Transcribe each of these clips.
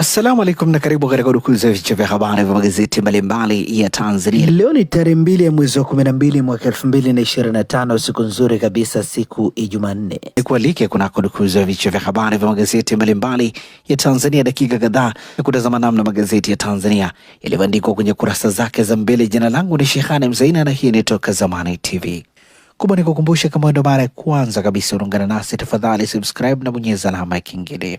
Assalamu alaikum na karibu katika udukuzi ya vichwa vya habari vya magazeti mbalimbali ya Tanzania. Leo ni tarehe mbili ya mwezi wa 12 mwaka 2025, siku nzuri kabisa, siku ya Jumanne. kualike kunako dukuzi ya vichwa vya habari vya magazeti mbalimbali ya Tanzania, dakika kadhaa ya kutazama namna magazeti ya Tanzania yalivyoandikwa kwenye kurasa zake za mbele. Jina langu ni Shehane Mzaina na hii ni Toka Zamani TV. Kubwa ni kukumbusha, kama ndo mara ya kwanza kabisa unaungana nasi, tafadhali subscribe na bonyeza alama ya kengele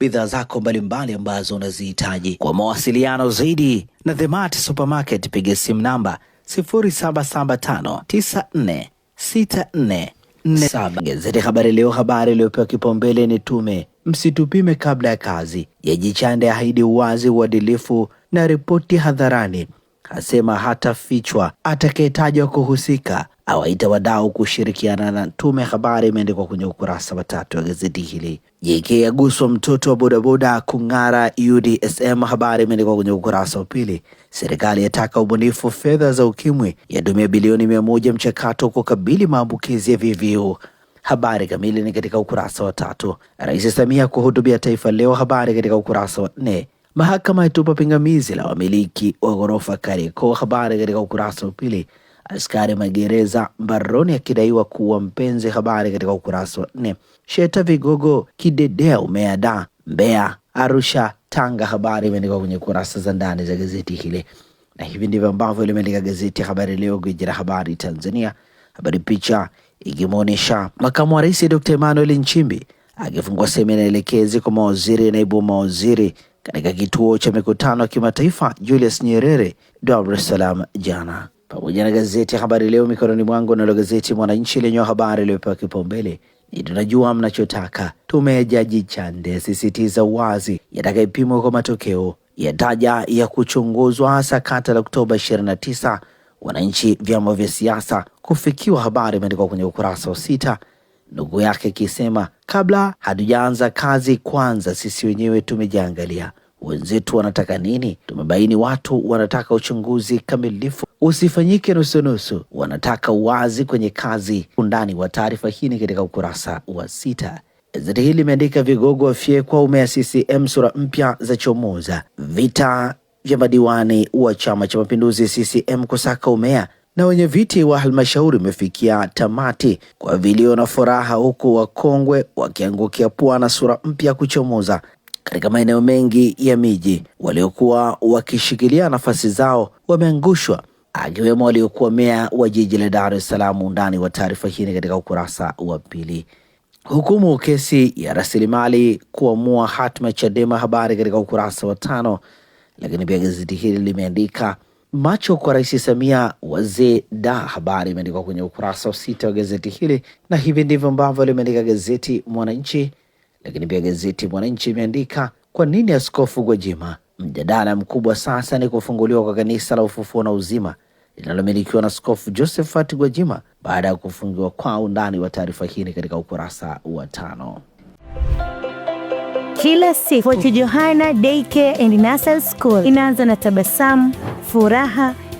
bidhaa zako mbalimbali ambazo unazihitaji. Kwa mawasiliano zaidi na Themart Supermarket, piga simu namba 0775946447. Gazeti Habari Leo, habari iliyopewa kipaumbele ni tume msitupime kabla ya kazi, Yajichande ahidi uwazi, uadilifu na ripoti hadharani, asema hatafichwa atakayetajwa kuhusika awaita wadau kushirikiana na tume ya habari, imeandikwa kwenye ukurasa wa tatu wa gazeti hili. JK aguswa mtoto wa bodaboda kung'ara UDSM, habari imeandikwa kwenye ukurasa wa pili. Serikali yataka ubunifu fedha za ukimwi, yatumia bilioni mia moja mchakato kukabili maambukizi ya VVU. Habari kamili ni katika ukurasa wa tatu. Rais Samia kuhutubia taifa leo, habari katika ukurasa wa nne. Mahakama yatupa pingamizi la wamiliki wa ghorofa Kariakoo, habari katika ukurasa wa pili. Askari magereza mbaroni akidaiwa kuwa mpenzi. Habari katika ukurasa wa nne. Sheta vigogo kidedea umeada Mbeya, Arusha, Tanga. Habari imeandikwa kwenye kurasa za ndani za gazeti hili, na hivi ndivyo ambavyo limeandika gazeti ya Habari Leo, gwiji la habari Tanzania. Habari picha ikimwonyesha makamu wa rais Dr. Emmanuel Nchimbi akifungua semina elekezi kwa mawaziri, naibu mawaziri katika kituo cha mikutano ya kimataifa Julius Nyerere, Dar es Salaam jana pamoja na gazeti ya Habari Leo mikononi mwangu, nalo gazeti Mwananchi lenye habari iliyopewa kipaumbele ni tunajua mnachotaka. Tume ya Jaji Chande sisitiza uwazi, yatakayepimwa kwa matokeo, yataja ya kuchunguzwa sakata la Oktoba 29 wananchi, vyama vya siasa kufikiwa. Habari imeandikwa kwenye ukurasa wa sita, ndugu yake ikisema kabla hatujaanza kazi, kwanza sisi wenyewe tumejiangalia, wenzetu wanataka nini. Tumebaini watu wanataka uchunguzi kamilifu usifanyike nusunusu, wanataka uwazi kwenye kazi. Undani wa taarifa hii ni katika ukurasa wa sita. Gazeti hili limeandika vigogo wafyekwa umea CCM, sura mpya za chomoza, vita vya madiwani wa chama cha mapinduzi CCM kusaka umea na wenye viti wa halmashauri umefikia tamati kwa vilio na furaha, huku wakongwe wakiangukia pua na sura mpya kuchomoza katika maeneo mengi ya miji. Waliokuwa wakishikilia nafasi zao wameangushwa akiwemo aliyekuwa meya wa jiji la Dar es Salaam. Undani wa taarifa hii ni katika ukurasa wa pili. Hukumu kesi ya rasilimali kuamua hatima Chadema, habari katika ukurasa wa tano. Lakini pia gazeti hili limeandika macho kwa Rais Samia wazee da, habari imeandikwa kwenye ukurasa wa sita wa gazeti hili, na hivi ndivyo ambavyo limeandika gazeti Mwananchi. Lakini pia gazeti Mwananchi imeandika kwa nini Askofu Gwajima Mjadala mkubwa sasa ni kufunguliwa kwa kanisa la ufufuo na uzima linalomilikiwa na Skofu Josephat Gwajima baada ya kufungiwa. Kwa undani wa taarifa hii katika ukurasa wa tano. Kila siku Johanna Daycare and Nursery School inaanza na tabasamu, furaha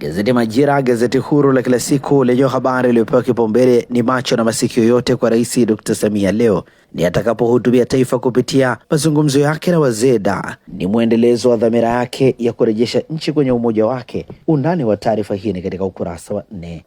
Gazeti Majira, gazeti huru la kila siku lenye habari iliyopewa kipaumbele ni macho na masikio yote kwa Rais Dr. Samia leo ni atakapohutubia taifa kupitia mazungumzo yake na wazee da. Ni mwendelezo wa dhamira yake ya kurejesha nchi kwenye umoja wake. Undani wa taarifa hii ni katika ukurasa wa nne.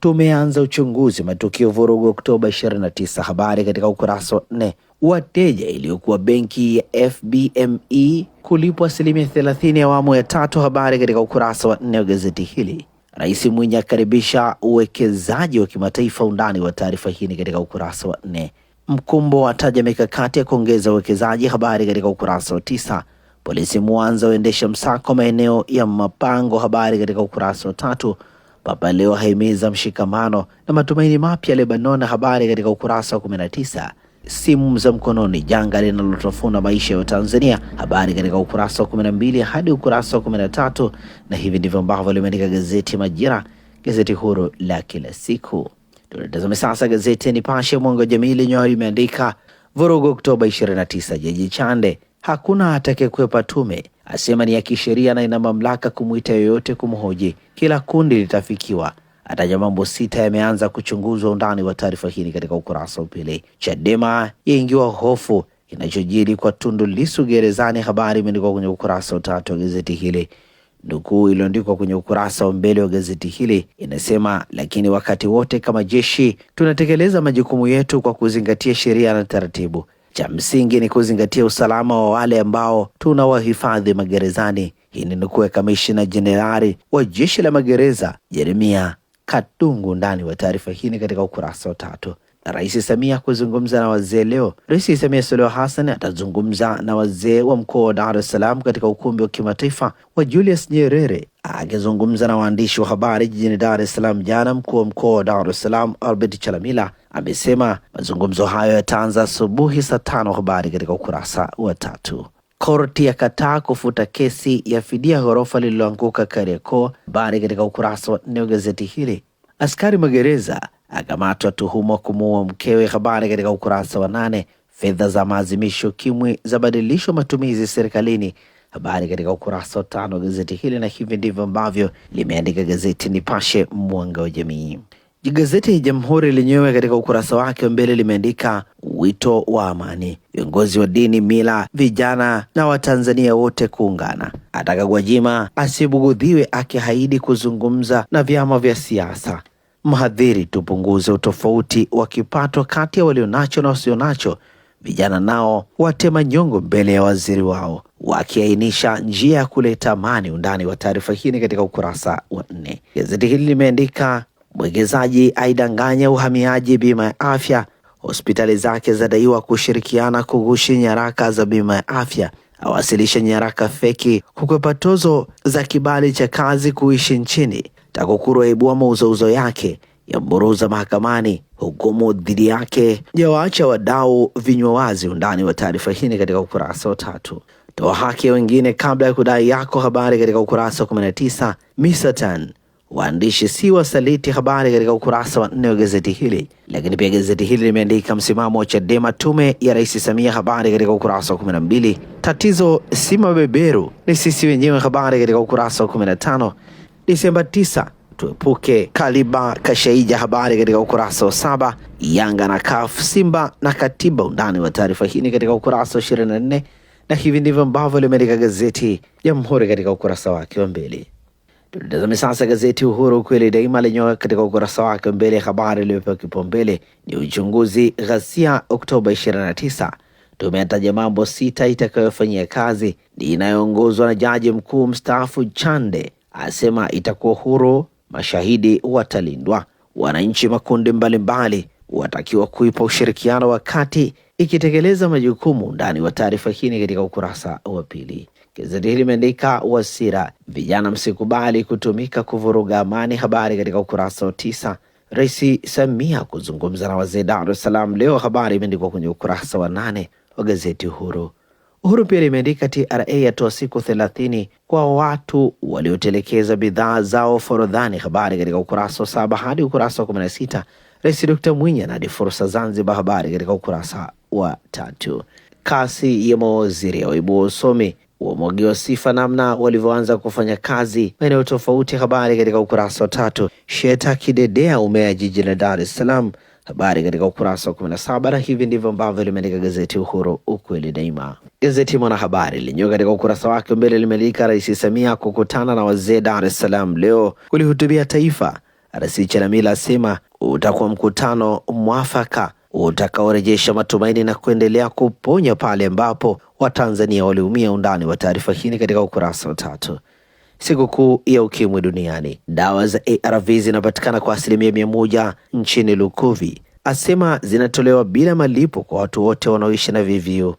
Tumeanza uchunguzi matukio vurugu Oktoba 29, habari katika ukurasa wa nne wateja iliyokuwa benki ya FBME kulipwa asilimia thelathini ya awamu ya tatu. Habari katika ukurasa wa nne wa gazeti hili. Rais Mwinyi akaribisha uwekezaji wa kimataifa. Undani wa taarifa hii ni katika ukurasa wa nne. Mkumbo ataja mikakati ya kuongeza uwekezaji. Habari katika ukurasa wa tisa. Polisi Mwanza waendesha msako maeneo ya mapango. Habari katika ukurasa wa tatu. Papa Leo haimiza mshikamano na matumaini mapya Lebanon. Habari katika ukurasa wa 19. Simu za mkononi, janga linalotafuna maisha ya Watanzania. Habari katika ukurasa wa 12 hadi ukurasa wa 13, na hivi ndivyo ambavyo limeandika gazeti Majira, gazeti huru la kila siku. Tunatazame sasa gazeti ya Nipashe Mwanga wa Jamii, lenyewe limeandika vurugu Oktoba 29, jiji Chande hakuna atakayekwepa tume, asema ni ya kisheria na ina mamlaka kumwita yoyote kumhoji, kila kundi litafikiwa ataja mambo sita yameanza kuchunguzwa. Undani wa taarifa hii katika ukurasa wa pili. Chadema yaingiwa hofu kinachojiri kwa Tundu Lisu gerezani, habari imeandikwa kwenye ukurasa wa tatu wa gazeti hili. Nukuu iliyoandikwa kwenye ukurasa wa mbele wa gazeti hili inasema, lakini wakati wote kama jeshi tunatekeleza majukumu yetu kwa kuzingatia sheria na taratibu. Cha msingi ni kuzingatia usalama wa wale ambao tunawahifadhi magerezani. Hii ni nukuu ya kamishina jenerali wa jeshi la magereza Jeremia Katungu. Undani wa taarifa hii ni katika ukurasa wa tatu. Rais Samia kuzungumza na wazee leo. Rais Samia Suluhu Hassan atazungumza na wazee wa mkoa wa Dar es Salaam katika ukumbi wa kimataifa wa Julius Nyerere. Akizungumza na waandishi wa habari jijini Dar es Salaam jana, mkuu wa mkoa wa Dar es Salaam Albert Chalamila amesema mazungumzo hayo yataanza asubuhi saa tano. Habari katika ukurasa wa tatu. Korti ya kataa kufuta kesi ya fidia ghorofa lililoanguka Kariakoo. Habari katika ukurasa wa nne wa gazeti hili. Askari magereza akamatwa tuhuma kumuua mkewe. Habari katika ukurasa wa nane. Fedha za maazimisho kimwi za badilishwa matumizi serikalini. Habari katika ukurasa wa tano wa gazeti hili, na hivi ndivyo ambavyo limeandika gazeti Nipashe, mwanga wa jamii. Gazeti ya Jamhuri lenyewe katika ukurasa wake wa mbele limeandika wito wa amani, viongozi wa dini, mila, vijana na Watanzania wote kuungana. Ataka Gwajima asibugudhiwe akihaidi kuzungumza na vyama vya siasa. Mhadhiri, tupunguze utofauti wa kipato kati ya walionacho na wasionacho. Vijana nao watema nyongo mbele ya waziri wao, wakiainisha njia ya kuleta amani. Undani wa taarifa hii ni katika ukurasa wa nne. Gazeti hili limeandika Mwekezaji aidanganya uhamiaji bima ya afya. Hospitali zake zadaiwa kushirikiana kughushi nyaraka za bima ya afya. Awasilishe nyaraka feki kukwepa tozo za kibali cha kazi kuishi nchini. TAKUKURU aibua mauzouzo yake ya mburuza mahakamani, hukumu dhidi yake jawaacha wadau vinywa wazi. Undani wa taarifa hii ni katika ukurasa wa tatu. Toa haki wengine kabla ya kudai yako, habari katika ukurasa wa 19. Misatan waandishi si wasaliti. Habari katika ukurasa wa nne wa gazeti hili. Lakini pia gazeti hili limeandika msimamo wa Chadema, tume ya Rais Samia. Habari katika ukurasa wa 12. Tatizo si mabeberu, ni sisi wenyewe. Habari katika ukurasa wa 15. Disemba 9 tuepuke Kaliba Kashaija. Habari katika ukurasa wa saba. Yanga na Kafu, Simba na katiba. Undani wa taarifa hii katika ukurasa wa 24, na hivi ndivyo ambavyo limeandika gazeti Jamhuri katika ukurasa wake wa mbele. Tutazame sasa gazeti Uhuru kweli daima lenyewe katika ukurasa wake mbele, habari iliyopewa kipaumbele ni uchunguzi ghasia Oktoba 29. Tume mambo sita itakayofanyia kazi, inayoongozwa na jaji mkuu mstaafu Chande asema itakuwa huru, mashahidi watalindwa, wananchi makundi mbalimbali watakiwa kuipa ushirikiano wakati ikitekeleza majukumu. Ndani wa taarifa hii katika ukurasa wa pili. Gazeti hili limeandika Wasira, vijana msikubali kutumika kuvuruga amani, habari katika ukurasa wa tisa. Rais Samia kuzungumza na wazee Dar es Salaam leo, habari imeandikwa kwenye ukurasa wa nane wa gazeti Uhuru. Uhuru pia limeandika TRA yatoa siku thelathini kwa watu waliotelekeza bidhaa zao forodhani, habari katika ukurasa wa saba hadi ukurasa wa kumi na sita. Rais Dkt Mwinyi anadi fursa Zanzibar, habari katika ukurasa wa tatu. Kasi ya mawaziri ya waibu wa usomi wamwagiwa sifa namna walivyoanza kufanya kazi maeneo tofauti. Habari katika ukurasa wa tatu. Sheta kidedea umea jiji la Dar es Salaam, habari katika ukurasa wa kumi na saba. Na hivi ndivyo ambavyo limeandika gazeti Uhuru, ukweli daima. Gazeti Mwanahabari lenyewe katika ukurasa wake mbele limeandika Rais Samia kukutana na wazee Dar es Salaam leo kulihutubia taifa. Rais Chalamila asema utakuwa mkutano mwafaka utakaorejesha matumaini na kuendelea kuponya pale ambapo Watanzania waliumia. Undani wa taarifa hii katika ukurasa wa tatu. Sikukuu ya ukimwi duniani, dawa za ARV zinapatikana kwa asilimia mia moja nchini. Lukuvi asema zinatolewa bila malipo kwa watu wote wanaoishi na VVU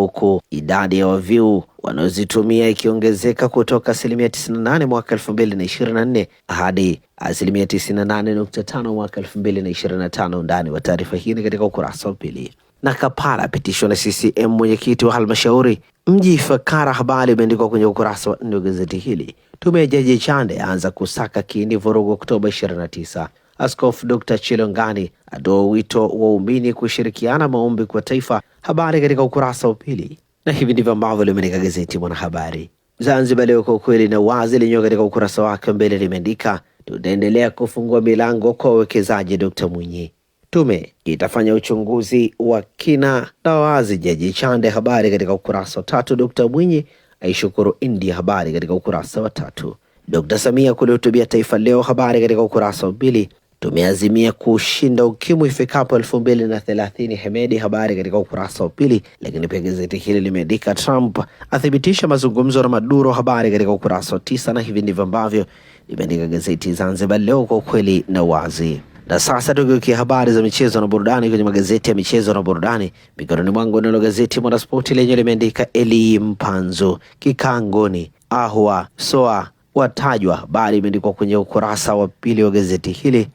huku idadi ya waviu wanaozitumia ikiongezeka kutoka asilimia 98 mwaka 2024 hadi asilimia 98.5 mwaka 2025. Undani wa taarifa hii ni katika ukurasa wa pili. Na kapala apitishwa na CCM mwenyekiti wa halmashauri mji Fakara. Habari imeandikwa kwenye ukurasa wa nne wa gazeti hili. Tume ya jaji Chande aanza kusaka kiini vurugu Oktoba 29. Askofu Dr. Chilongani atoa wito wa umini kushirikiana maombi kwa taifa. Habari katika ukurasa wa pili, na hivi ndivyo ambavyo limeandika gazeti Mwanahabari Zanzibar Leo, kwa ukweli na wazi, lenyewe katika ukurasa wake mbele limeandika tutaendelea kufungua milango kwa wawekezaji. Dr. Mwinyi tume itafanya uchunguzi wa kina na wazi, Jaji Chande. Habari katika ukurasa wa tatu. Dr. Mwinyi aishukuru India. Habari katika ukurasa wa tatu. Dr. Samia kulihutubia taifa leo. Habari katika ukurasa wa pili tumeazimia kushinda ukimwi ifikapo elfu mbili na thelathini. Hemedi, habari katika ukurasa wa pili. Lakini pia gazeti hili limeandika Trump athibitisha mazungumzo na Maduro, habari katika ukurasa wa tisa, na hivi ndivyo ambavyo limeandika gazeti Zanzibar Leo, kwa ukweli na wazi. Na sasa tukiukia habari za michezo na burudani kwenye magazeti ya michezo na burudani mikononi mwangu, nalo gazeti Mwanaspoti lenye limeandika Eli Mpanzu kikangoni, ahwa soa watajwa, habari imeandikwa kwenye ukurasa wa pili wa gazeti hili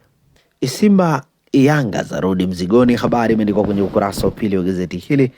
Simba Yanga zarudi mzigoni. Habari imeandikwa kwenye ukurasa wa pili wa gazeti hili.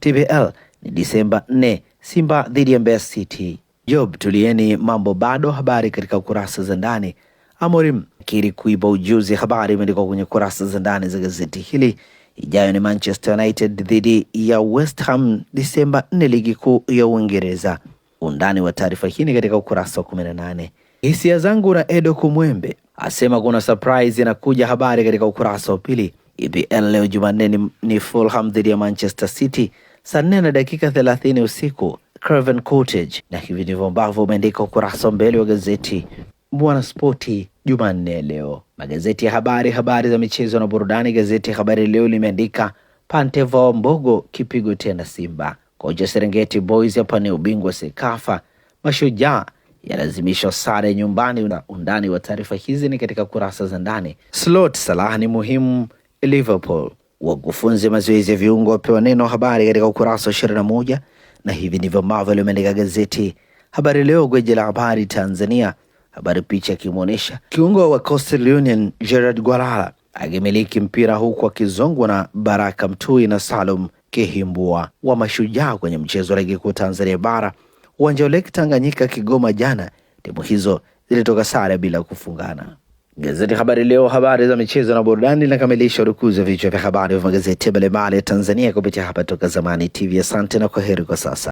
TBL ni Disemba 4, Simba dhidi ya Mbeya City. Job tulieni, mambo bado. Habari katika kurasa za ndani. Amorim kiri kuiba ujuzi. Habari imeandikwa kwenye kurasa za ndani za gazeti hili. Ijayo ni Manchester United dhidi ya West Ham Disemba 4, ligi kuu ya Uingereza. Undani wa taarifa hii katika ukurasa wa 18. Hisia zangu na Edo Kumwembe asema kuna surprise inakuja. Habari katika ukurasa wa pili. EPL leo Jumanne ni, ni Fulham dhidi ya Manchester City saa nne na dakika thelathini usiku Craven Cottage, na hivi ndivyo ambavyo umeandika ukurasa mbele wa gazeti Mwanaspoti Jumanne leo. Magazeti ya habari, habari za michezo na burudani. Gazeti ya Habari Leo limeandika Pantev Mbogo kipigo tena Simba, kocha Serengeti Boys hapa ni ubingwa Sekafa, mashujaa yalazimishwa sare nyumbani. Na undani wa taarifa hizi ni katika kurasa za ndani. Slot Salah ni muhimu Liverpool, wakufunzi mazoezi ya viungo wapewa neno, habari katika ukurasa wa 21, na hivi ndivyo ambavyo limeandika gazeti Habari Leo, gweji la habari Tanzania. Habari picha akimwonyesha kiungo wa Coastal Union Gerard Gwalala akimiliki mpira huku akizongwa na Baraka Mtui na Salum Kihimbua wa Mashujaa kwenye mchezo wa ligi kuu Tanzania bara uwanja wa Lake Tanganyika Kigoma jana, timu hizo zilitoka sare bila kufungana. Gazeti Habari Leo, habari za michezo na burudani, linakamilisha urukuzi wa vichwa vya habari vya magazeti mbalimbali ya Tanzania kupitia hapa Toka Zamani TV. Asante na kwaheri kwa sasa.